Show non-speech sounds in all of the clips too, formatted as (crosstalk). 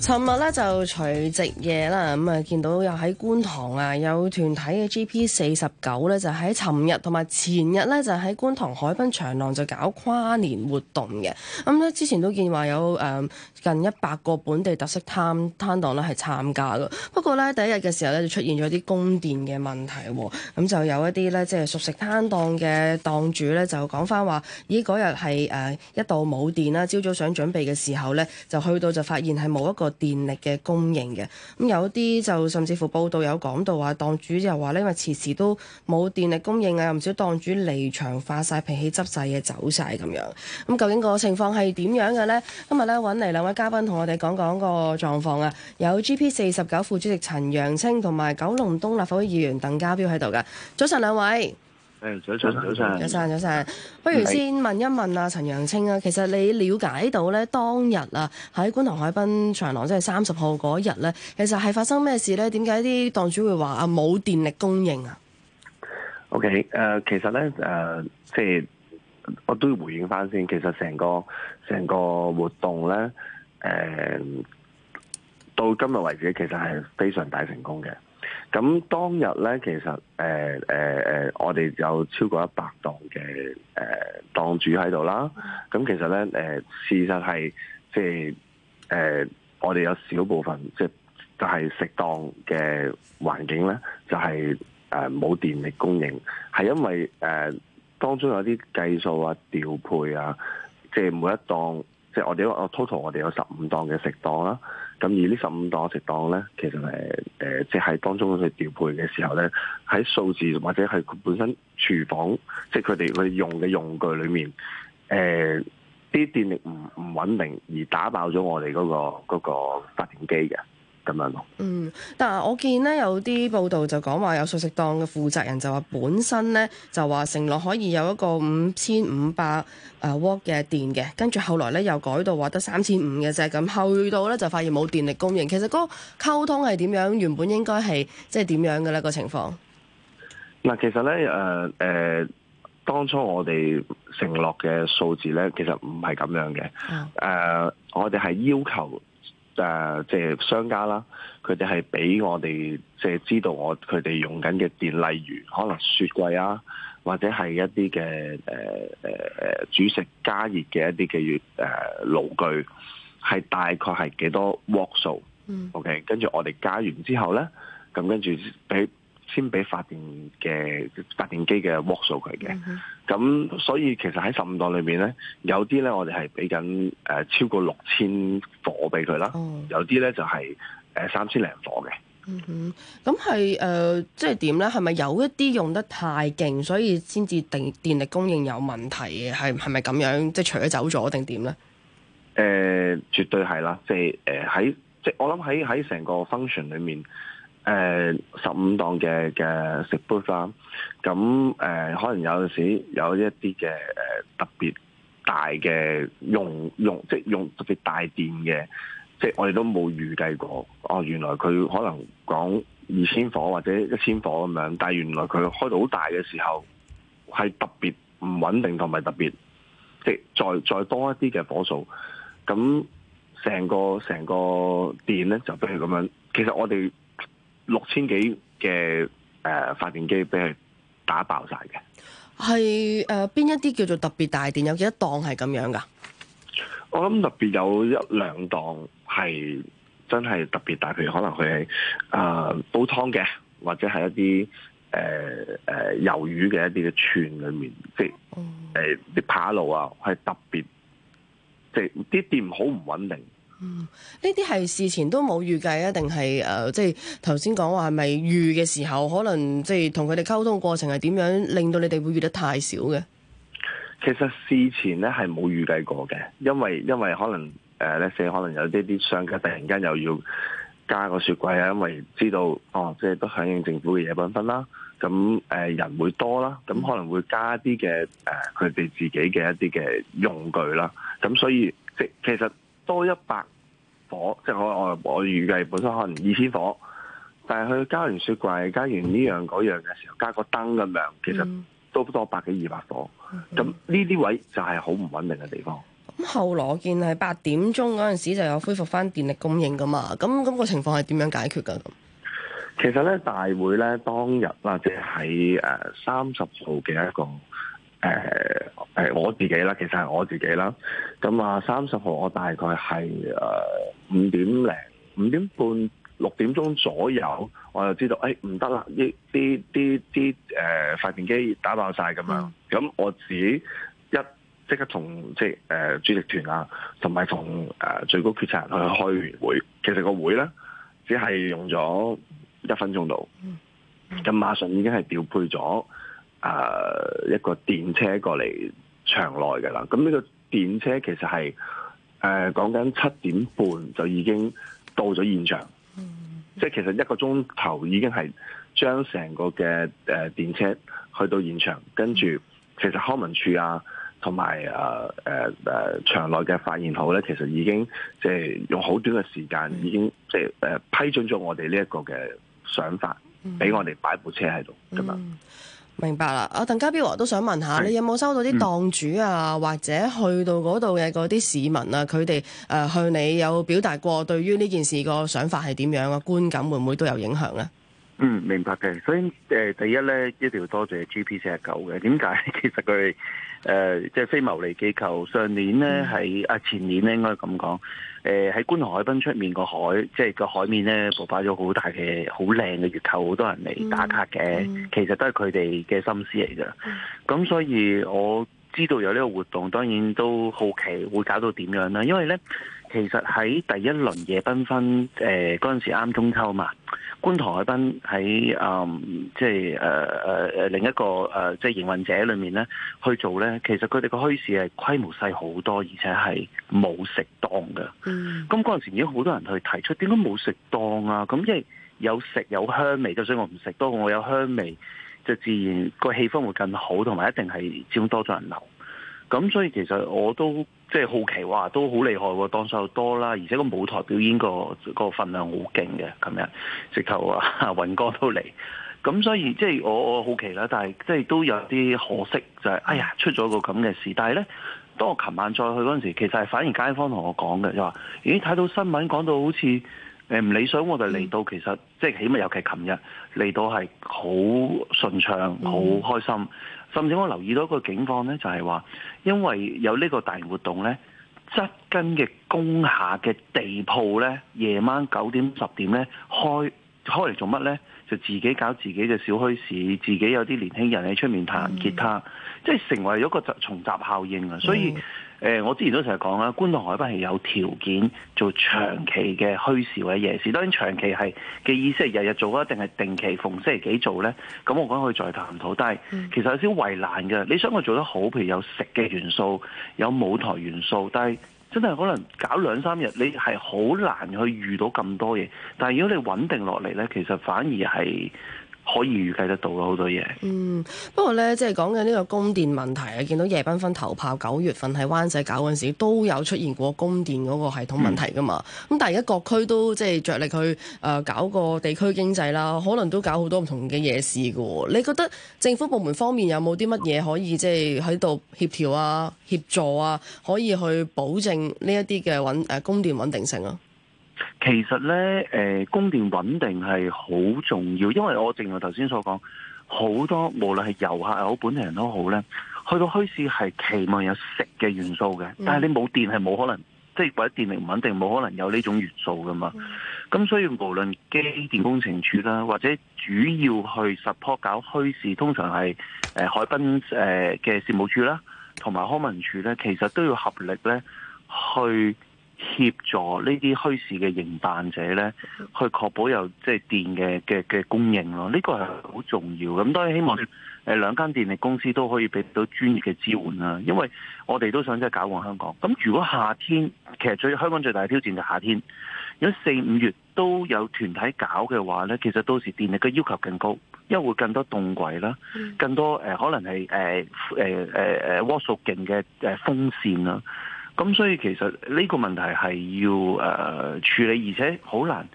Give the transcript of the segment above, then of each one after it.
尋日咧就除夕夜啦，咁、嗯、啊見到又喺觀塘啊有團體嘅 GP49 咧，就喺尋日同埋前日咧就喺觀塘海濱長廊就搞跨年活動嘅。咁、嗯、咧之前都見話有誒、嗯、近一百個本地特色攤攤檔咧係參加咯。不過咧第一日嘅時候咧就出現咗啲供電嘅問題喎。咁、哦、就有一啲咧即係熟食攤檔嘅檔主咧就講返話，咦嗰日係誒一度冇電啦，朝早想準備嘅時候咧就去到就發現係冇一個。電力嘅供應嘅，咁、嗯、有啲就甚至乎報道有講到啊，檔主又話呢，因為遲遲都冇電力供應啊，有唔少檔主離場化，化晒脾氣執，執晒嘢走晒咁樣。咁、嗯、究竟個情況係點樣嘅咧？今日咧揾嚟兩位嘉賓同我哋講講個狀況啊！有 G P 四十九副主席陳陽菁同埋九龍東立法會議員鄧家彪喺度噶。早晨，兩位。誒，早晨，早晨，早晨，早晨，不如先問一問阿陳陽菁啊，其實你了解到咧當日啊喺觀塘海濱長廊即係三十號嗰日咧，其實係發生咩事咧？點解啲檔主會話啊冇電力供應啊？O K，誒，其實咧誒，即、呃、係我都要回應翻先，其實成個成個活動咧，誒、呃，到今日為止其實係非常大成功嘅。咁當日咧，其實誒誒誒，我哋有超過一百檔嘅誒、呃、檔主喺度啦。咁其實咧，誒、呃、事實係即係誒，我哋有少部分即係就係、是就是、食檔嘅環境咧，就係誒冇電力供應，係因為誒、呃、當中有啲計數啊、調配啊，即、就、係、是、每一檔，即、就、係、是、我哋我 total 我哋有十五檔嘅食檔啦、啊。咁而呢十五檔食檔咧，其實誒誒，即係當中去調配嘅時候咧，喺數字或者係佢本身廚房，即係佢哋佢用嘅用具裡面，誒啲電力唔唔穩定而打爆咗我哋嗰個嗰個發電機嘅。咁樣咯。嗯，但係我見咧有啲報道就講話有熟食檔嘅負責人就話本身咧就話承諾可以有一個五千五百誒瓦嘅電嘅，跟住後來咧又改到話得三千五嘅啫，咁去到咧就發現冇電力供應。其實嗰個溝通係點樣？原本應該係即係點樣嘅咧？那個情況？嗱，其實咧誒誒，當初我哋承諾嘅數字咧，其實唔係咁樣嘅。誒、啊呃，我哋係要求。誒，即係、啊就是、商家啦，佢哋係俾我哋即係知道我佢哋用緊嘅電，例如可能雪櫃啊，或者係一啲嘅誒誒誒煮食加熱嘅一啲嘅誒爐具，係大概係幾多 watt 數？嗯，OK，跟住我哋加完之後呢，咁跟住俾。先俾發電嘅發電機嘅 work 數佢嘅，咁、嗯、哼所以其實喺十五檔裏面咧，有啲咧我哋係俾緊誒超過六、哦、千火俾佢啦，有啲咧就係誒三千零火嘅。嗯咁係誒，即係點咧？係咪有一啲用得太勁，所以先至電電力供應有問題嘅？係係咪咁樣？即係除咗走咗定點咧？誒、呃，絕對係啦，就是呃、即係誒喺即係我諗喺喺成個 function 裏面。誒十五檔嘅嘅食煲衫，咁、啊、誒、呃、可能有時有一啲嘅誒特別大嘅用用，即係用特別大電嘅，即係我哋都冇預計過。哦，原來佢可能講二千火或者一千火咁樣，但係原來佢開到好大嘅時候係特別唔穩定，同埋特別即係再再多一啲嘅火數，咁成個成個電呢就譬如咁樣。其實我哋六千幾嘅誒發電機俾佢打爆晒嘅，係誒邊一啲叫做特別大電？有幾多檔係咁樣㗎？我諗特別有一兩檔係真係特別大，譬如可能佢係誒煲湯嘅，或者係一啲誒誒魷魚嘅一啲嘅串裡面，嗯、即係誒啲扒爐啊，係特別即係啲電好唔穩定。嗯，呢啲係事前都冇預計啊？定係誒，即係頭先講話係咪預嘅時候，可能即係同佢哋溝通過程係點樣，令到你哋會預得太少嘅？其實事前咧係冇預計過嘅，因為因為可能誒，呢、呃、些可能有啲啲商家突然間又要加個雪櫃啊，因為知道哦，即係都響應政府嘅夜繽紛啦。咁誒、呃，人會多啦，咁可能會加啲嘅誒，佢、呃、哋自己嘅一啲嘅用具啦。咁所以即其實。多一百火，即係我我我預計本身可能二千火，但係佢加完雪櫃，加完呢樣嗰樣嘅時候，加個燈嘅量，其實都多百幾二百火。咁呢啲位就係好唔穩定嘅地方。咁、嗯、後來我見係八點鐘嗰陣時就有恢復翻電力供應噶嘛。咁咁、個情況係點樣解決㗎？咁其實咧，大會咧當日或者喺誒三十號嘅一個。誒誒、呃呃，我自己啦，其實係我自己啦。咁、嗯、啊，三十號我大概係誒五點零、五、呃、點半、六點鐘左右，我就知道誒唔得啦！啲啲啲啲誒發電機打爆晒咁樣。咁、嗯、我自己一即刻同即係誒、呃、主力團啊，同埋同誒最高決策人去開完會。其實個會咧只係用咗一分鐘度。咁、嗯嗯、馬上已經係調配咗。誒、呃，一個電車過嚟場內嘅啦，咁呢個電車其實係誒講緊七點半就已經到咗現場，mm hmm. 即係其實一個鐘頭已經係將成個嘅誒、呃、電車去到現場，跟住、mm hmm. 其實康文署啊同埋誒誒誒場內嘅發現好咧，其實已經即係用好短嘅時間已經即係誒批准咗我哋呢一個嘅想法，俾、mm hmm. 我哋擺部車喺度噶嘛明白啦，阿鄧家彪我都想問下，你有冇收到啲檔主啊，或者去到嗰度嘅嗰啲市民啊，佢哋誒向你有表達過對於呢件事個想法係點樣啊？觀感會唔會都有影響呢？嗯，明白嘅。所以誒、呃，第一咧，一定要多謝 GP49 嘅。點解？其實佢哋誒即係非牟利機構。上年咧，喺啊前年咧，應該咁講誒，喺、呃、觀塘海濱出面個海，即係個海面咧，爆發咗好大嘅好靚嘅月球，好多人嚟打卡嘅。嗯、其實都係佢哋嘅心思嚟嘅。咁、嗯、所以我知道有呢個活動，當然都好奇會搞到點樣啦。因為咧。其實喺第一輪夜繽紛，誒嗰陣時啱中秋嘛，觀塘海濱喺誒即係誒誒誒另一個誒、呃、即係營運者裏面咧去做咧，其實佢哋個墟市係規模細好多，而且係冇食檔嘅。嗯，咁嗰陣時已經好多人去提出，點解冇食檔啊？咁即係有食有香味，就算我唔食多，我有香味，就自然個氣氛會更好，同埋一定係招多咗人流。咁所以其實我都。即係好奇話都好厲害喎，當秀多啦，而且個舞台表演個個份量好勁嘅咁樣，直頭啊 (laughs) 雲哥都嚟，咁所以即係我我好奇啦，但係即係都有啲可惜就係、是，哎呀出咗個咁嘅事。但係咧，當我琴晚再去嗰陣時，其實係反而街坊同我講嘅就話，咦睇到新聞講到好似誒唔理想我，我哋嚟到其實即係起碼尤其琴日嚟到係好順暢、好開心。嗯。甚至我留意到一個景況咧，就係、是、話因為有呢個大型活動呢，咧，側跟嘅工廈嘅地鋪，咧，夜晚九點十點咧開。開嚟做乜呢？就自己搞自己嘅小墟市，自己有啲年輕人喺出面彈吉他，mm. 即係成為咗一個重疊效應啊！所以，誒、mm. 呃，我之前都成日講啦，觀塘海濱係有條件做長期嘅墟市或者夜市。當然，長期係嘅意思係日日做啊，定係定期逢星期幾做呢？咁我講佢再談討，但係其實有少少為難嘅。你想我做得好，譬如有食嘅元素，有舞台元素，但係……真係可能搞兩三日，你係好難去遇到咁多嘢。但係如果你穩定落嚟呢，其實反而係。可以預計得到好多嘢。嗯，不過呢，即係講緊呢個供電問題啊，見到夜繽紛頭炮，九月份喺灣仔搞嗰陣時都有出現過供電嗰個系統問題噶嘛。咁、嗯、但係而家各區都即係着力去誒、呃、搞個地區經濟啦，可能都搞好多唔同嘅嘢事噶喎、喔。你覺得政府部門方面有冇啲乜嘢可以即係喺度協調啊、協助啊，可以去保證呢一啲嘅穩誒、呃、供電穩定性啊？其實咧，誒、呃，供電穩定係好重要，因為我正如頭先所講，好多無論係遊客又好，本地人都好咧，去到墟市係期望有食嘅元素嘅，但係你冇電係冇可能，即係、嗯、或者電力唔穩定，冇可能有呢種元素噶嘛。咁、嗯、所以無論機電工程署啦，或者主要去 support 搞墟市，通常係誒、呃、海濱誒嘅、呃、事務處啦，同埋康文署咧，其實都要合力咧去。協助呢啲墟市嘅營辦者咧，去確保有即係電嘅嘅嘅供應咯，呢、這個係好重要。咁當然希望誒兩間電力公司都可以俾到專業嘅支援啦，因為我哋都想即係搞旺香港。咁如果夏天，其實最香港最大嘅挑戰就係夏天，如果四五月都有團體搞嘅話咧，其實到時電力嘅要求更高，因為會更多凍櫃啦，嗯、更多誒可能係誒誒誒誒瓦數勁嘅誒風扇啦。咁所以其實呢個問題係要誒、uh, 處理，而且好難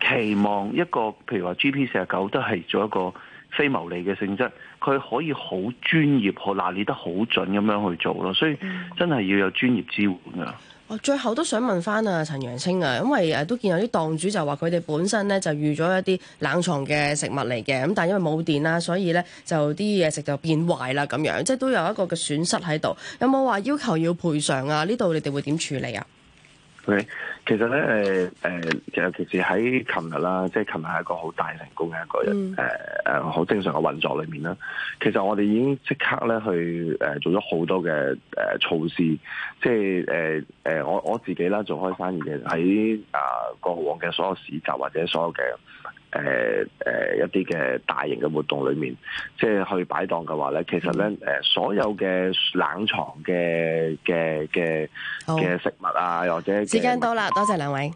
期望一個譬如話 GP 四廿九都係做一個非牟利嘅性質，佢可以好專業，學拿捏得好準咁樣去做咯。所以真係要有專業支援㗎。我最後都想問翻啊，陳陽菁啊，因為誒都見有啲檔主就話佢哋本身咧就預咗一啲冷藏嘅食物嚟嘅，咁但係因為冇電啦，所以咧就啲嘢食就變壞啦咁樣，即係都有一個嘅損失喺度。有冇話要求要賠償啊？呢度你哋會點處理啊？喂。Okay. 其實咧誒誒，呃、其實其實喺琴日啦，即係琴日係一個好大成功嘅一個人誒誒好正常嘅運作裏面啦。其實我哋已經即刻咧去誒做咗好多嘅誒措施，即係誒誒我我自己啦做開生意嘅喺啊過往嘅所有市集或者所有嘅。誒誒、呃呃、一啲嘅大型嘅活動裏面，即係去擺檔嘅話咧，其實咧誒、呃、所有嘅冷藏嘅嘅嘅嘅食物啊，或者時間到啦，多謝兩位。